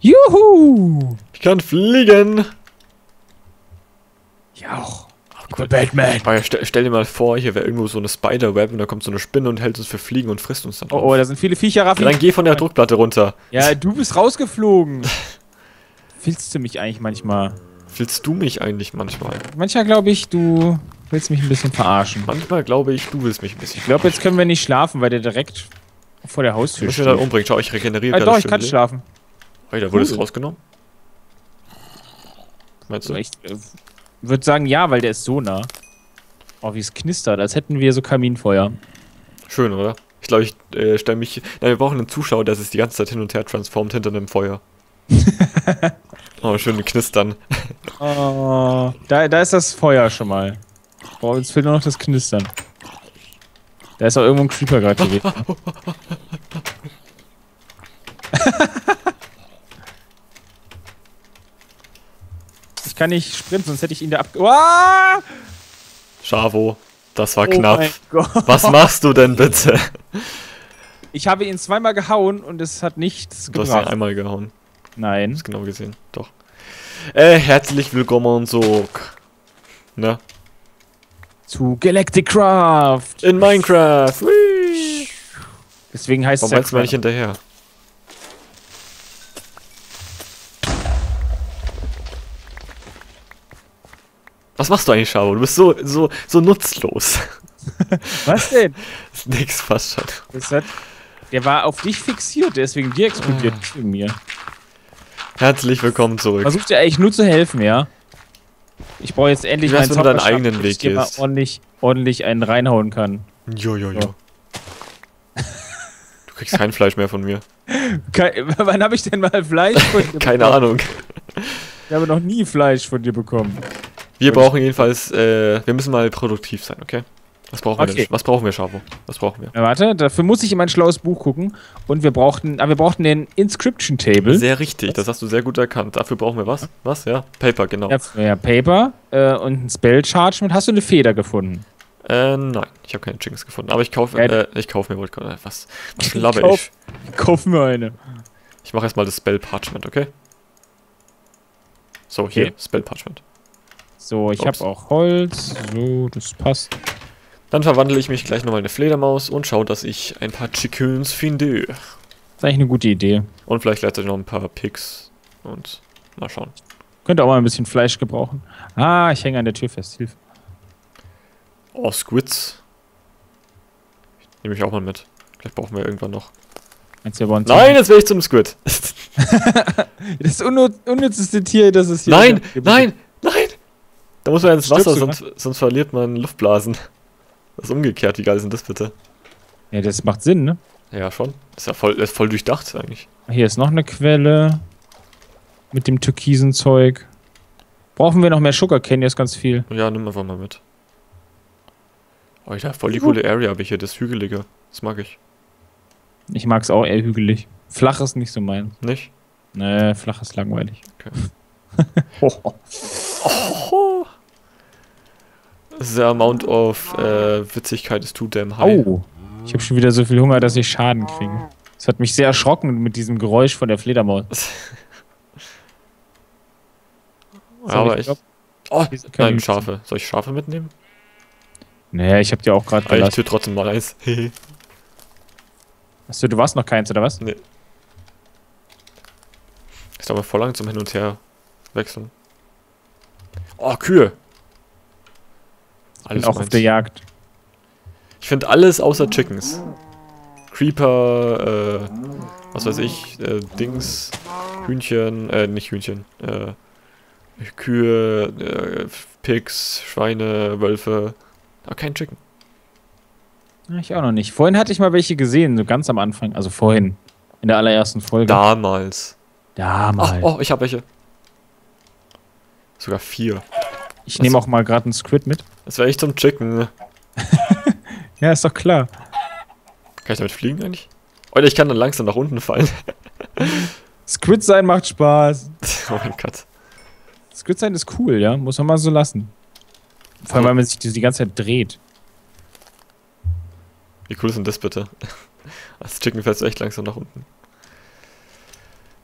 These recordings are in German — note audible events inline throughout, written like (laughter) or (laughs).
Juhu! Ich kann fliegen! Ja auch. Ach Batman. Aber stell, stell, dir mal vor, hier wäre irgendwo so eine Spider-Web und da kommt so eine Spinne und hält uns für Fliegen und frisst uns dann. Oh, oh da sind viele Viecher, Raffi. Ja, dann geh von der Druckplatte runter. Ja, du bist rausgeflogen. Willst du mich eigentlich manchmal? Willst du mich eigentlich manchmal? Manchmal glaube ich, du willst mich ein bisschen verarschen. Manchmal glaube ich, du willst mich ein bisschen Ich glaube, jetzt können wir nicht schlafen, weil der direkt vor der Haustür halt steht. ich steht. Ich dann umbringen. Schau, ich regeneriere äh, gerade. Doch, ich kann schlafen. Hey, da wurde cool. es rausgenommen? Meinst du? Ich äh, würde sagen ja, weil der ist so nah. Oh, wie es knistert, als hätten wir so Kaminfeuer. Schön, oder? Ich glaube, ich äh, stelle mich. Nein, wir brauchen einen Zuschauer, der sich die ganze Zeit hin und her transformt hinter einem Feuer. (laughs) oh, schön knistern. oh, da, da ist das Feuer schon mal. Boah, jetzt fehlt nur noch das Knistern. Da ist auch irgendwo ein Creeper gerade gewesen. (laughs) kann nicht sprinten, sonst hätte ich ihn da ab... Uah! Schavo, das war oh knapp. Was machst du denn bitte? Ich habe ihn zweimal gehauen und es hat nichts gebracht. Du hast ihn einmal gehauen. Nein. Das genau gesehen, doch. Äh, herzlich willkommen zurück. Ne? Zu Galactic Craft! In Minecraft! Whee! Deswegen heißt Warum es ja. Warum nicht hinterher? was machst du eigentlich, Schabo? Du bist so, so, so nutzlos. (laughs) was denn? (laughs) Nix, fast schon. Das hat, der war auf dich fixiert, deswegen dir explodiert oh. Ah. wegen mir. Herzlich willkommen zurück. Versuch dir eigentlich nur zu helfen, ja? Ich brauche jetzt endlich meinen Zauberstab, deinen eigenen Weg ich dir mal ordentlich, ordentlich einen reinhauen kann. Jo, jo, jo. So. Du kriegst kein Fleisch mehr von mir. (laughs) Kein, wann habe ich denn mal Fleisch von dir Keine bekommen? Ahnung. Ich habe noch nie Fleisch von dir bekommen. Wir brauchen jedenfalls, äh, wir müssen mal produktiv sein, okay? Was brauchen okay. wir denn? Was brauchen wir, Schabo? Was brauchen wir? Ja, warte, dafür muss ich in mein schlaues Buch gucken. Und wir brauchten, ah, wir brauchten den Inscription Table. Sehr richtig, was? das hast du sehr gut erkannt. Dafür brauchen wir was? Was? Ja, Paper, genau. Ja, ja Paper äh, und ein Spell Charge. Und Hast du eine Feder gefunden? Äh, nein, ich habe keine Jinx gefunden. Aber ich kaufe, äh, ich kaufe mir wohl was. Was labber ich? Kauf, ich kauf mir eine. Ich mache erstmal das Spell Parchment, okay? So, hier, okay. Spell Parchment. So, ich habe auch Holz. So, das passt. Dann verwandle ich mich gleich nochmal in eine Fledermaus und schaue, dass ich ein paar Chickens finde. Das ist eigentlich eine gute Idee. Und vielleicht gleichzeitig noch ein paar Pigs. Und mal schauen. Könnte auch mal ein bisschen Fleisch gebrauchen. Ah, ich hänge an der Tür fest. Hilfe. Oh, Squids. Nehme ich auch mal mit. Vielleicht brauchen wir irgendwann noch. Nein, jetzt will ich zum Squid. (laughs) (laughs) das unnützeste Tier, das es hier Nein, nein, da muss man ins Wasser, ne? sonst, sonst verliert man Luftblasen. Das ist umgekehrt, wie geil sind das bitte? Ja, das macht Sinn, ne? Ja, schon. Das ist ja voll, ist voll durchdacht eigentlich. Hier ist noch eine Quelle mit dem türkisen Zeug. Brauchen wir noch mehr Sugarcane? Hier ist ganz viel. Ja, nimm einfach mal mit. Oh, ich dachte, voll die coole Area habe ich hier, das Hügelige. Das mag ich. Ich mag es auch eher hügelig. Flach ist nicht so mein. Nicht? Nee, flach ist langweilig. Okay. (laughs) oh. oh. The amount of äh, Witzigkeit ist too damn high. Oh, ich habe schon wieder so viel Hunger, dass ich Schaden kriege. Das hat mich sehr erschrocken mit diesem Geräusch von der Fledermaus. (laughs) so, aber ich. Glaub, ich oh, nein, Schafe. Soll ich Schafe mitnehmen? Naja, ich hab dir auch gerade gelassen. Aber ich tue trotzdem mal eins. (laughs) Achso, du warst noch keins, oder was? Nee. Ist aber voll lang zum Hin und Her wechseln. Oh, Kühe! Alles bin auch auf der Jagd. Ich finde alles außer Chickens. Creeper, äh, was weiß ich, äh, Dings, Hühnchen, äh, nicht Hühnchen, äh, Kühe, äh, Pigs, Schweine, Wölfe. Aber kein Chicken. Ich auch noch nicht. Vorhin hatte ich mal welche gesehen, so ganz am Anfang. Also vorhin, in der allerersten Folge. Damals. Damals. Ach, oh, ich habe welche. Sogar vier. Ich nehme auch mal gerade einen Squid mit. Das wäre echt zum Chicken, ne? (laughs) ja, ist doch klar. Kann ich damit fliegen eigentlich? Oder ich kann dann langsam nach unten fallen. (laughs) Squid sein macht Spaß. (laughs) oh mein Gott. Squid sein ist cool, ja. Muss man mal so lassen. Vor allem, weil man sich die ganze Zeit dreht. Wie cool ist denn das bitte? Das Chicken fällst du echt langsam nach unten.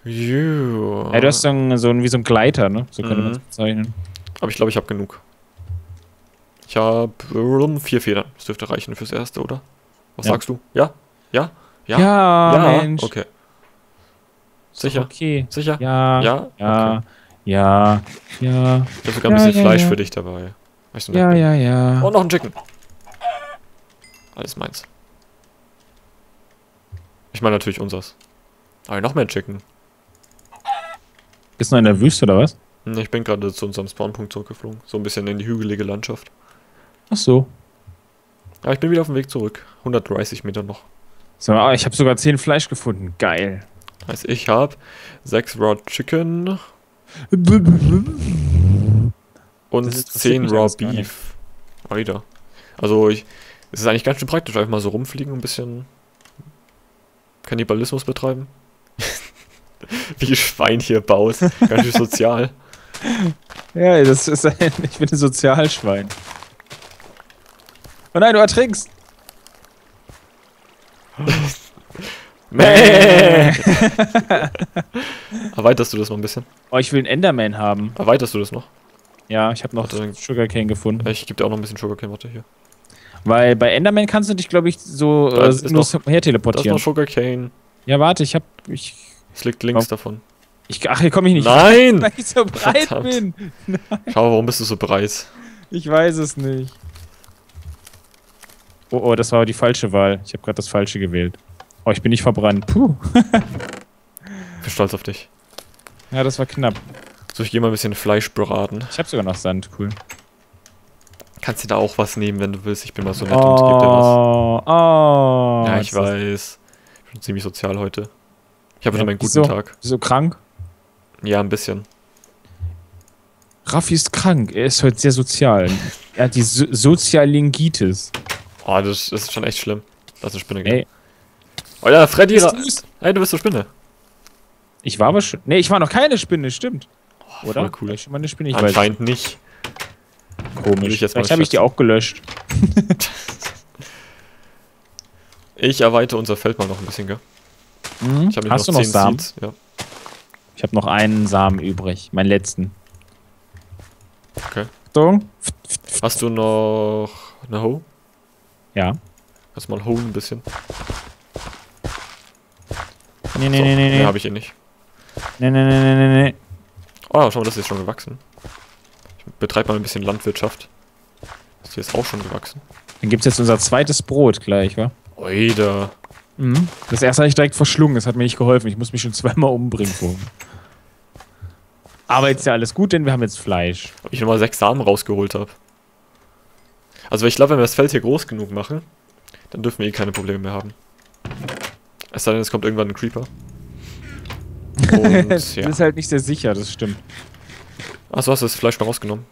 Juh. Ja, du hast so einen, so einen, wie so ein Gleiter, ne? So könnte man es mhm. bezeichnen. Aber ich glaube, ich habe genug. Ich habe ähm, vier Federn. Das dürfte reichen fürs Erste, oder? Was ja. sagst du? Ja? Ja? Ja? Ja, ja. Mensch. Okay. Sicher? Okay. Sicher? Ja. Ja? Ja. Okay. Ja. Ja. Ich habe sogar ein bisschen Fleisch für dich dabei. Weißt du, ja, ja, ja. Und noch ein Chicken. Alles meins. Ich meine natürlich unseres. Aber noch mehr Chicken. Ist noch in der Wüste oder was? Hm, ich bin gerade zu unserem Spawnpunkt zurückgeflogen. So ein bisschen in die hügelige Landschaft. Ach so. Ja, ich bin wieder auf dem Weg zurück. 130 Meter noch. So, ah, ich habe sogar 10 Fleisch gefunden. Geil. Also ich habe 6 Raw Chicken. und 10 Raw Beef. Alter. Ah, also ich. Es ist eigentlich ganz schön praktisch, einfach mal so rumfliegen und ein bisschen Kannibalismus betreiben. (laughs) Wie Schwein hier baut. Ganz schön sozial. (laughs) ja, das ist ein, ich bin ein Sozialschwein. Oh nein, du ertrinkst! (laughs) (laughs) Erweiterst du das noch ein bisschen? Oh, ich will einen Enderman haben. Erweiterst du das noch? Ja, ich habe noch also, Sugarcane gefunden. Ich gebe dir auch noch ein bisschen Sugarcane, warte hier. Weil bei Enderman kannst du dich, glaube ich, so äh, nur her teleportieren. Da ist noch Sugarcane. Ja, warte, ich hab. Ich es liegt links glaub, davon. Ich, ach, hier komme ich nicht. Nein! Rein, weil ich so breit Verdammt. bin. Nein. (laughs) Schau, warum bist du so breit? Ich weiß es nicht. Oh, oh, das war die falsche Wahl. Ich habe gerade das falsche gewählt. Oh, ich bin nicht verbrannt. Puh. ich bin stolz auf dich. Ja, das war knapp. So, ich gehe mal ein bisschen Fleisch braten. Ich habe sogar noch Sand, cool. Kannst du da auch was nehmen, wenn du willst. Ich bin mal so nett oh, und gebe dir was. Oh, oh ja, ich weiß. Ich bin ziemlich sozial heute. Ich habe ja, wieder meinen guten wieso? Tag. Wieso krank? Ja, ein bisschen. Raffi ist krank. Er ist heute sehr sozial. er hat die so Sozialingitis. Oh, das ist schon echt schlimm. Lass eine Spinne gehen. Ey. Oh ja, Freddy. Du bist... Hey, du bist eine Spinne. Ich war aber schon. Nee, ich war noch keine Spinne, stimmt. Oh, Oder? Cool. ich schon eine Spinne? Ich Anscheinend weiß. nicht. Komisch. Ich Vielleicht habe ich die auch gelöscht. (laughs) ich erweite unser Feld mal noch ein bisschen, gell? Mhm. Ich habe noch, noch Samen. Ja. Ich habe noch einen Samen übrig, meinen letzten. Okay. Achtung. Hast du noch eine Hoe? Ja. Lass mal holen ein bisschen. Nee, nee, so, nee, nee, nee. habe ich ihn nicht. Nee, nee, nee, nee, nee. nee. Oh, schau mal, das ist jetzt schon gewachsen. Ich betreibe mal ein bisschen Landwirtschaft. Das hier ist auch schon gewachsen. Dann gibt's jetzt unser zweites Brot gleich, wa? Oida. Mhm. Das erste habe ich direkt verschlungen, das hat mir nicht geholfen. Ich muss mich schon zweimal umbringen Aber jetzt ist ja alles gut, denn wir haben jetzt Fleisch. Ob ich nochmal sechs Samen rausgeholt habe. Also ich glaube, wenn wir das Feld hier groß genug machen, dann dürfen wir eh keine Probleme mehr haben. Es sei denn, es kommt irgendwann ein Creeper. Und, (laughs) ja. das ist halt nicht sehr sicher, das stimmt. Achso, hast du das Fleisch mal rausgenommen?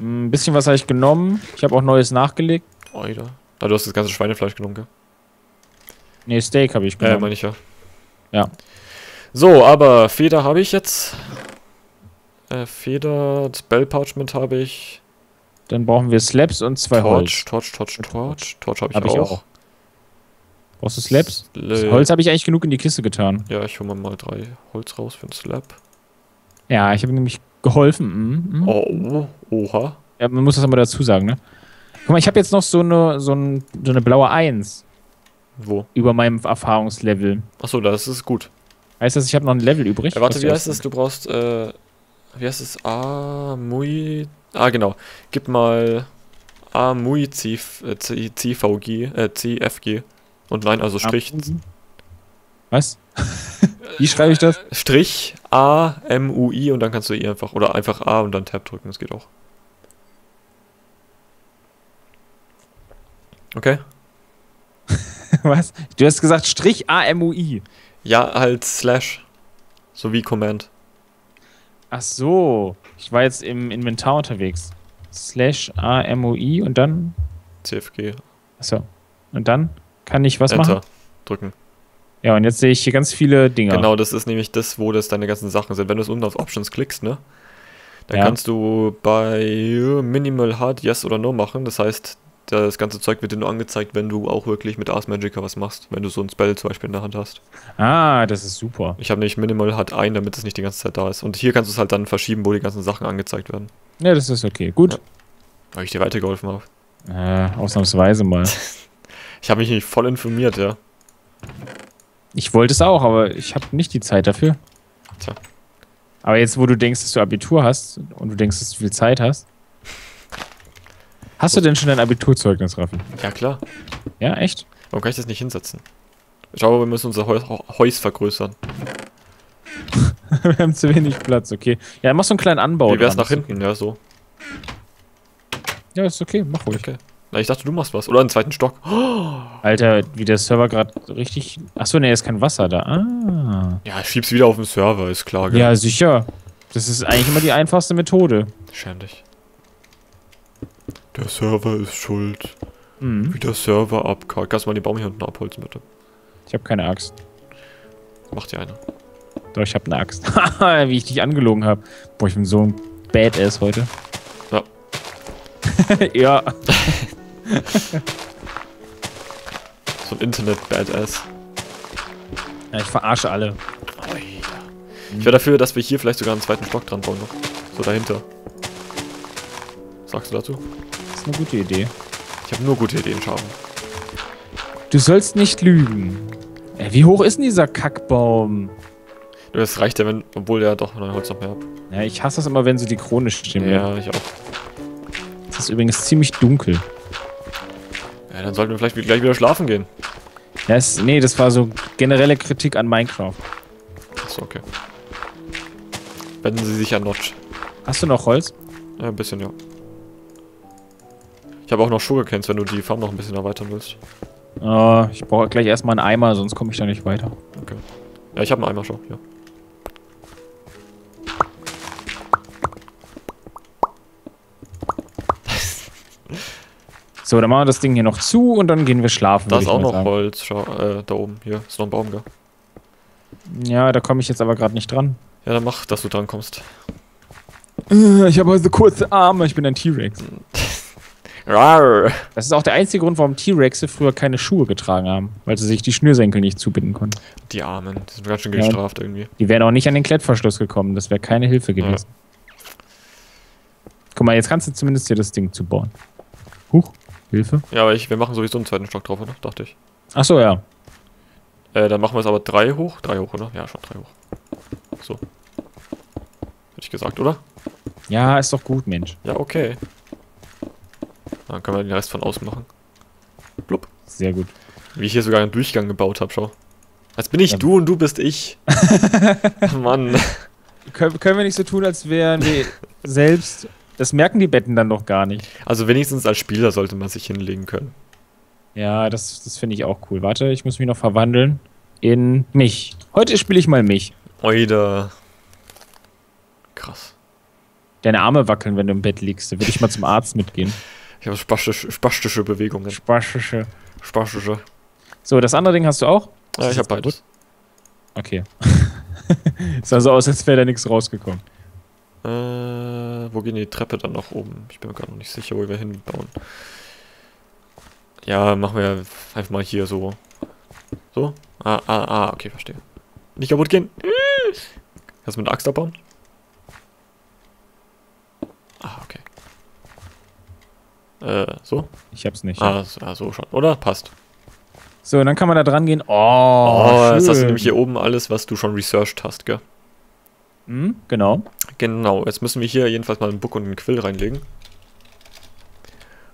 Ein bisschen was habe ich genommen. Ich habe auch Neues nachgelegt. Oida. Ah, du hast das ganze Schweinefleisch genommen, gell? Nee, Steak habe ich genommen. Ja, meine ich ja. Ja. So, aber Feder habe ich jetzt. Äh, Feder, Spell Parchment habe ich. Dann brauchen wir Slaps und zwei Torch, Holz. Torch, Torch, Torch, Torch. Torch habe ich, hab auch. ich auch. Brauchst du Slaps? Sl Holz habe ich eigentlich genug in die Kiste getan. Ja, ich hole mir mal drei Holz raus für einen Slap. Ja, ich habe nämlich geholfen. Mhm, mhm. Oh, oha. Ja, man muss das aber dazu sagen, ne? Guck mal, ich habe jetzt noch so eine, so, ein, so eine blaue Eins. Wo? Über meinem Erfahrungslevel. Achso, das ist gut. Heißt das, ich habe noch ein Level übrig? Äh, warte, wie heißt das? Du brauchst, äh, wie heißt es? Ah, Mui. Ah, genau. Gib mal A Mui Cif, äh, CVG, äh, CFG. Und nein, also Strich. Was? (laughs) Wie schreibe ich das? Strich A, M, U, I und dann kannst du I e einfach, oder einfach A und dann Tab drücken, das geht auch. Okay? (laughs) Was? Du hast gesagt Strich AMUI. Ja, halt Slash. So wie Command. Ach so. Ich war jetzt im Inventar unterwegs. Slash AMUI und dann? CFG. Achso. Und dann kann ich was Enter. machen? drücken. Ja, und jetzt sehe ich hier ganz viele Dinge. Genau, das ist nämlich das, wo das deine ganzen Sachen sind. Wenn du es unten auf Options klickst, ne? Dann ja. kannst du bei Minimal Hard Yes oder No machen. Das heißt, das ganze Zeug wird dir nur angezeigt, wenn du auch wirklich mit Ars Magica was machst, wenn du so ein Spell zum Beispiel in der Hand hast. Ah, das ist super. Ich habe nämlich Minimal hat ein, damit es nicht die ganze Zeit da ist. Und hier kannst du es halt dann verschieben, wo die ganzen Sachen angezeigt werden. Ja, das ist okay. Gut. Ja. Weil ich dir weitergeholfen habe. Äh, ausnahmsweise mal. (laughs) ich habe mich nicht voll informiert, ja. Ich wollte es auch, aber ich habe nicht die Zeit dafür. Tja. Aber jetzt, wo du denkst, dass du Abitur hast und du denkst, dass du viel Zeit hast. Hast du denn schon dein Abiturzeugnis, Raffi? Ja, klar. Ja, echt? Warum kann ich das nicht hinsetzen? Ich glaube, wir müssen unser Heus, Heus vergrößern. (laughs) wir haben zu wenig Platz, okay. Ja, mach so einen kleinen Anbau. Wie wär's nach hinten? Ja, so. Ja, ist okay, mach ruhig. Okay. Na, ich dachte, du machst was. Oder einen zweiten Stock. Oh. (gasps) Alter, wie der Server gerade richtig. Achso, ne, ist kein Wasser da. Ah. Ja, ich schieb's wieder auf den Server, ist klar. Gell? Ja, sicher. Das ist eigentlich immer die einfachste Methode. Schäm dich. Der Server ist schuld. Mhm. Wie der Server abkackt. Kannst du mal den Baum hier unten abholzen, bitte? Ich habe keine Axt. Mach dir eine. Doch, ich habe eine Axt. (laughs) wie ich dich angelogen habe. Boah, ich bin so ein Badass heute. Ja. (laughs) ja. (laughs) so ein Internet-Badass. Ja, ich verarsche alle. Oh, ja. Ich mhm. wäre dafür, dass wir hier vielleicht sogar einen zweiten Stock dran bauen noch. So dahinter. Was sagst du dazu? ist eine gute Idee. Ich habe nur gute Ideen, Schaden. Du sollst nicht lügen. Ey, äh, wie hoch ist denn dieser Kackbaum? Das reicht ja, wenn, obwohl der doch noch Holz noch mehr hat. Ja, ich hasse das immer, wenn sie die Krone stimmen. Ja, ich auch. Es ist übrigens ziemlich dunkel. Ja, dann sollten wir vielleicht gleich wieder schlafen gehen. Ja, es, nee, das war so generelle Kritik an Minecraft. Achso, okay. Wenden Sie sich an Notch. Hast du noch Holz? Ja, ein bisschen, ja. Ich habe auch noch Sugarcans, wenn du die Farm noch ein bisschen erweitern willst. Äh, ich brauche gleich erstmal einen Eimer, sonst komme ich da nicht weiter. Okay. Ja, ich habe einen Eimer schon, ja. (laughs) So, dann machen wir das Ding hier noch zu und dann gehen wir schlafen. Da ist auch noch sagen. Holz, Schau, äh, da oben. Hier ist noch ein Baum, gell? Ja, da komme ich jetzt aber gerade nicht dran. Ja, dann mach, dass du dran kommst. Äh, ich habe also kurze Arme, ich bin ein T-Rex. Hm. Rar. Das ist auch der einzige Grund, warum T-Rexe früher keine Schuhe getragen haben, weil sie sich die Schnürsenkel nicht zubinden konnten. Die Armen, die sind ganz schön gestraft ja, irgendwie. Die wären auch nicht an den Klettverschluss gekommen, das wäre keine Hilfe gewesen. Ja. Guck mal, jetzt kannst du zumindest hier das Ding zubauen. Huch, Hilfe. Ja, aber ich, wir machen sowieso einen zweiten Stock drauf, oder? Dachte ich. Ach so, ja. Äh, dann machen wir es aber drei hoch. Drei hoch, oder? Ja, schon drei hoch. So. Hätte ich gesagt, oder? Ja, ist doch gut, Mensch. Ja, okay. Dann können wir den Rest von außen machen. Blub. Sehr gut. Wie ich hier sogar einen Durchgang gebaut habe, schau. Als bin ich ja. du und du bist ich. (laughs) Mann. Kön können wir nicht so tun, als wären wir (laughs) selbst. Das merken die Betten dann doch gar nicht. Also wenigstens als Spieler sollte man sich hinlegen können. Ja, das, das finde ich auch cool. Warte, ich muss mich noch verwandeln in mich. Heute spiele ich mal mich. Oida. Krass. Deine Arme wackeln, wenn du im Bett liegst. Da würde ich mal zum Arzt mitgehen. Ich habe spastische, spastische Bewegungen. Spastische. Spastische. So, das andere Ding hast du auch? Ja, ich habe beides. Okay. es (laughs) Sah so aus, als wäre da nichts rausgekommen. Äh, wo gehen die Treppe dann nach oben? Ich bin mir gerade noch nicht sicher, wo wir hinbauen. Ja, machen wir einfach mal hier so. So? Ah, ah, ah, okay, verstehe. Nicht kaputt gehen. Hm. Kannst du mit der Axt abbauen? Ah, okay. Äh, so? Ich hab's nicht. Ah, ja. Ah, so schon, oder? Passt. So, und dann kann man da dran gehen. Oh, oh schön. jetzt hast du nämlich hier oben alles, was du schon researched hast, gell? Hm, genau. Genau, jetzt müssen wir hier jedenfalls mal einen Book und einen Quill reinlegen.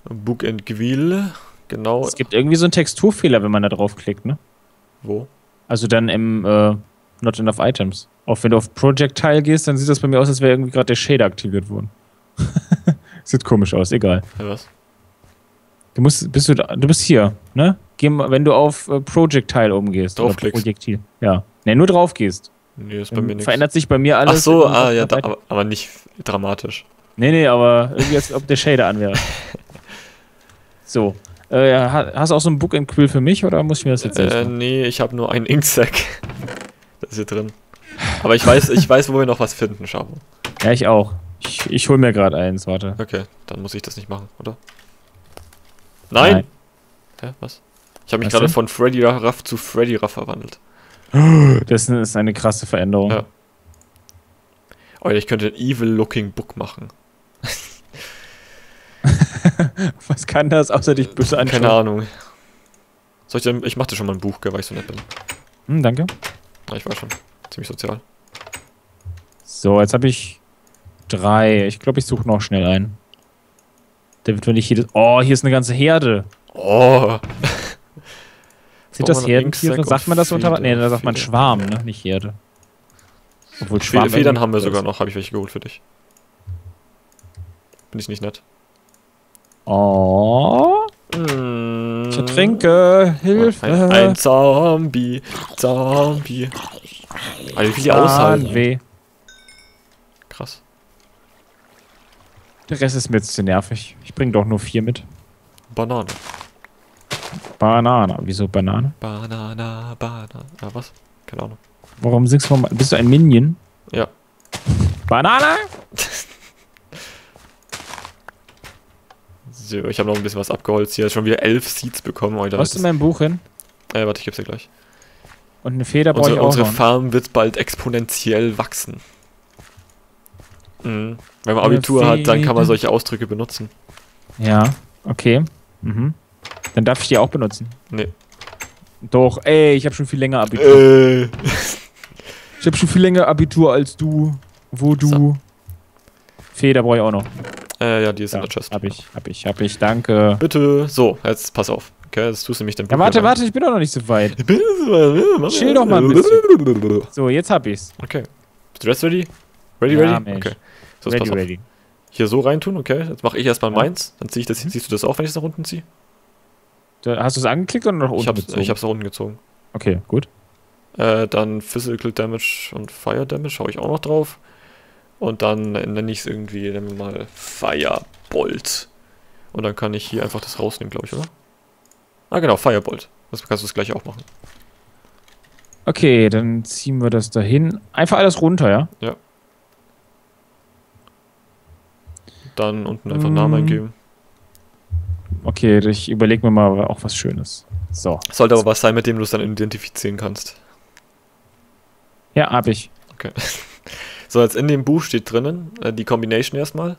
Book and Quill, genau. Es gibt irgendwie so einen Texturfehler, wenn man da draufklickt, ne? Wo? Also dann im äh, Not Enough Items. Auch wenn du auf Projectile gehst, dann sieht das bei mir aus, als wäre irgendwie gerade der Shader aktiviert worden. (laughs) Sieht komisch aus, egal. Ja, was? Du musst, bist du, da, du bist hier, ne? Geh, wenn du auf äh, Projectile oben gehst. Projektil. Ja. Ne, nur drauf gehst. Nee, ist bei mir nichts. Verändert sich bei mir alles. Ach so, ah, ja, da, halt aber, aber, nicht dramatisch. Nee, nee, aber irgendwie als ob der Shader an wäre. (laughs) so. Äh, hast du auch so ein Book and Quill für mich oder muss ich mir das jetzt äh, Nee, ich habe nur einen Inksack. (laughs) das ist hier drin. Aber ich weiß, ich weiß, wo wir noch was finden, Schabo. Ja, ich auch. Ich, ich hol mir gerade eins, warte. Okay, dann muss ich das nicht machen, oder? Nein! Nein. Hä, was? Ich habe mich gerade von Freddy Raff zu Freddy Raff verwandelt. (gasps) Das ist eine krasse Veränderung. Ja. Oh, ich könnte ein evil-looking Book machen. (laughs) was kann das außer dich böse anschauen? Keine Ahnung. Soll ich, denn, ich dir schon mal ein Buch, weil ich so nett bin. Hm, danke. Ja, ich war schon ziemlich sozial. So, jetzt habe ich drei. Ich glaube, ich suche noch schnell einen. Damit man nicht jedes. Oh, hier ist eine ganze Herde. Oh. (laughs) Sind das Herdentiere? Sagt man das unter Wasser? Nee, da sagt man Schwarm, ne? Nicht Herde. Obwohl Schwarm. Federn haben wir sogar noch, habe ich welche geholt für dich. Bin ich nicht nett. Oh. Hm. Ich ertrinke. Hilfe. Ein, ein Zombie. Zombie. Alter, wie die aushalten. Weh. Krass. Der Rest ist mir jetzt zu nervig. Ich bringe doch nur vier mit. Banane. Banane. Wieso Banane? Banana, Banane. Ah, was? Keine Ahnung. Warum singst du mal? Bist du ein Minion? Ja. Banane! so, ich habe noch ein bisschen was abgeholzt hier. Schon wieder elf Seeds bekommen. Alter. Hast du mein Buch hin? Äh, warte, ich geb's dir gleich. Und eine Feder brauche ich auch Unsere noch. Farm wird bald exponentiell wachsen. Mhm. Wenn man Abitur hat, dann kann man solche Ausdrücke benutzen. Ja, okay. Mhm. Dann darf ich die auch benutzen. Nee. Doch, ey, ich habe schon viel länger Abitur. Äh. Ich habe schon viel länger Abitur als du, wo du. So. Feder brauche ich auch noch. Äh, ja, die ist ja, in der Chest. Hab ich, hab ich, hab ich, danke. Bitte, so, jetzt pass auf. Okay, jetzt tust du mich dann. Ja, warte, warte, ich bin doch noch nicht so weit. Ich bin so weit. Chill doch mal ein bisschen. (laughs) So, jetzt hab ich's. Okay. Bist du ready? Ready, ja, ready? Mensch. Okay. So, ready, ready. Hier so reintun, okay. Jetzt mache ich erstmal ja. meins. Dann ziehe ich das, mhm. siehst du das auch, wenn ich es nach unten ziehe? Hast du es angeklickt oder nach unten ich gezogen? Ich habe es nach unten gezogen. Okay, gut. Äh, dann Physical Damage und Fire Damage haue ich auch noch drauf. Und dann nenne ich es irgendwie, nennen wir mal Firebolt. Und dann kann ich hier einfach das rausnehmen, glaube ich, oder? Ah, genau, Firebolt. Das kannst du das gleiche auch machen. Okay, dann ziehen wir das dahin. Einfach alles runter, ja? Ja. dann unten einfach Namen mhm. eingeben. Okay, ich überlege mir mal auch was Schönes. So. Sollte aber was sein, mit dem du es dann identifizieren kannst. Ja, hab ich. Okay. (laughs) So, jetzt in dem Buch steht drinnen äh, die Combination erstmal.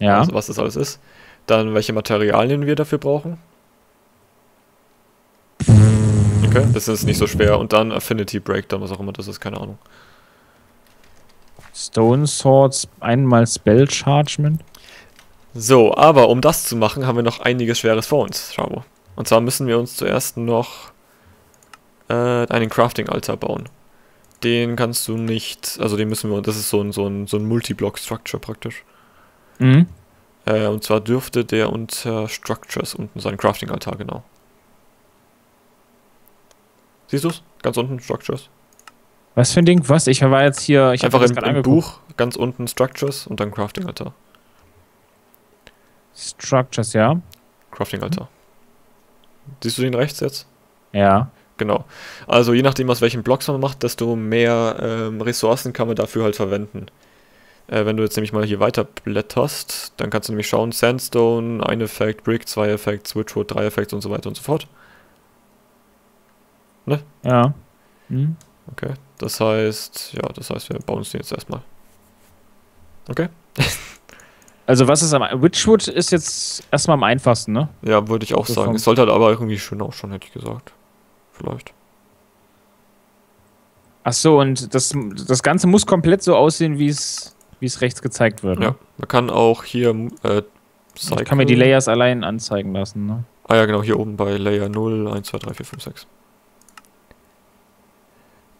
Ja. Also, was das alles ist. Dann, welche Materialien wir dafür brauchen. Okay, das ist nicht so schwer. Und dann Affinity Breakdown, was auch immer das ist, keine Ahnung. Stone Swords einmal Spell Chargement. So, aber um das zu machen, haben wir noch einiges Schweres vor uns, Schabo. Und zwar müssen wir uns zuerst noch äh, einen Crafting-Altar bauen. Den kannst du nicht, also den müssen wir, das ist so ein, so ein, so ein Multi-Block-Structure praktisch. Mhm. Äh, und zwar dürfte der unter Structures unten sein, Crafting-Altar, genau. Siehst du's? Ganz unten, Structures. Was für ein Ding? Was? Ich war jetzt hier. Ich Einfach im, im Buch ganz unten Structures und dann Crafting Altar. Structures, ja. Crafting Altar. Mhm. Siehst du den rechts jetzt? Ja. Genau. Also je nachdem, aus welchen Blocks man macht, desto mehr ähm, Ressourcen kann man dafür halt verwenden. Äh, wenn du jetzt nämlich mal hier weiter blätterst, dann kannst du nämlich schauen, Sandstone, ein Effekt, Brick, zwei Effekte, Switchwood, drei Effekte und so weiter und so fort. Ne? Ja. Mhm. Okay, das heißt, ja, das heißt, wir bauen uns den jetzt erstmal. Okay. (laughs) also was ist am Witchwood ist jetzt erstmal am einfachsten, ne? Ja, würde ich auch so sagen. Es sollte halt aber irgendwie schön ausschauen, hätte ich gesagt. Vielleicht. Ach so, und das, das Ganze muss komplett so aussehen, wie es wie es rechts gezeigt wird. Ja, ne? man kann auch hier äh, Ich kann mir die Layers allein anzeigen lassen, ne? Ah ja, genau, hier oben bei Layer 0, 1, 2, 3, 4, 5, 6.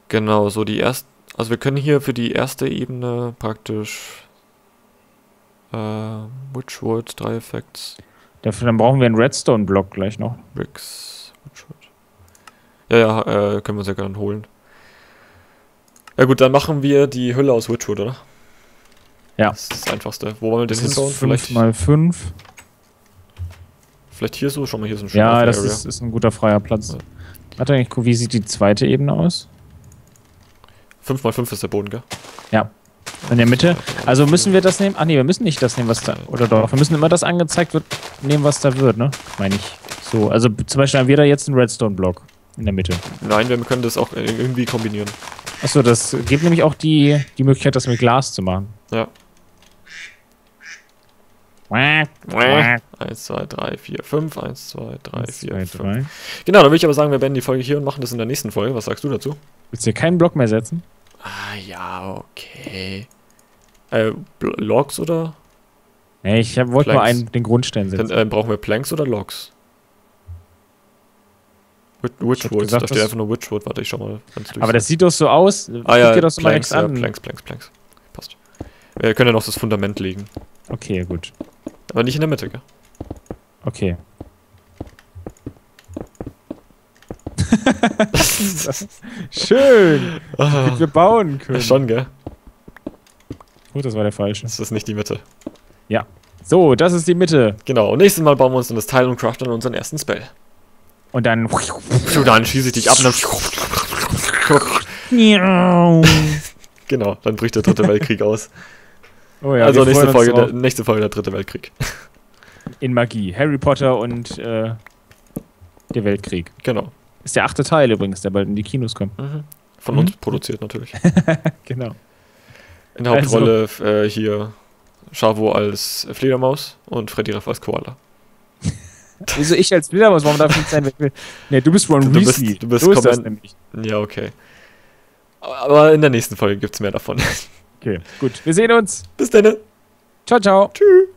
Genau, so die erste, also wir können hier für die erste Ebene praktisch äh, Witchwood, drei Effects. Dafür, dann brauchen wir einen Redstone-Block gleich noch. Bricks, Witchwood. Ja, ja, äh, können wir uns ja gerne holen. Ja gut, dann machen wir die Hülle aus Witchwood, oder? Ja. Das ist das Einfachste. Wo wollen wir das den hinbauen? 5 mal fünf. Vielleicht hier so? Schau mal, hier ist ein schöner Ja, das ist, ist, ein guter freier Platz. Warte, Ja. Warte, wie sieht die zweite Ebene aus? 5x5 ist der Boden, gell? Ja. In der Mitte. Also müssen wir das nehmen? Ach nee, wir müssen nicht das nehmen, was da. Oder doch. Wir müssen immer das angezeigt wird, nehmen, was da wird, ne? Meine ich. So, also zum Beispiel haben wir da jetzt einen Redstone-Block in der Mitte. Nein, wir können das auch äh, irgendwie kombinieren. Achso, das gibt nämlich auch die, die Möglichkeit, das mit Glas zu machen. Ja. 1, 2, 3, 4, 5. 1, 2, 3, 4, 5. Genau, dann würde ich aber sagen, wir beenden die Folge hier und machen das in der nächsten Folge. Was sagst du dazu? Willst du hier keinen Block mehr setzen? Ah ja, okay. Äh, Logs oder? Nee, ich wollte nur einen, den Grundstein setzen. Dann äh, brauchen wir Planks oder Logs? Witchwood, da steht einfach nur Witchwood, warte ich schon mal. Aber das sieht doch so aus. Ah ja, das Planks, ja, Planks, Planks, Planks. Passt. Wir können ja noch das Fundament legen. Okay, gut. Aber nicht in der Mitte, gell? Okay. (laughs) Schön. Damit ah. wir bauen können. Schon, gell? Gut, das war der falsche. Das ist nicht die Mitte. Ja. So, das ist die Mitte. Genau. Und nächstes Mal bauen wir uns dann das Teil und craften unseren ersten Spell. Und dann. dann schieße ich dich ab und dann. genau, dann bricht der dritte Weltkrieg aus. Oh ja, also nächste Folge, der, nächste Folge der dritte Weltkrieg. In Magie. Harry Potter und äh, der Weltkrieg. Genau. Ist der achte Teil übrigens, der bald in die Kinos kommt. Mhm. Von mhm. uns produziert natürlich. (laughs) genau. In der Hauptrolle also. äh, hier Chavo als Fledermaus und Freddy Raff als Koala. (laughs) Wieso ich als Fledermaus? Warum darf ich nicht sein, Nee, du bist Ron du, Weasley. Bist, du bist, so ist das nämlich. Ja, okay. Aber in der nächsten Folge gibt es mehr davon. Okay, gut. Wir sehen uns. Bis dann. Ciao, ciao. Tschüss.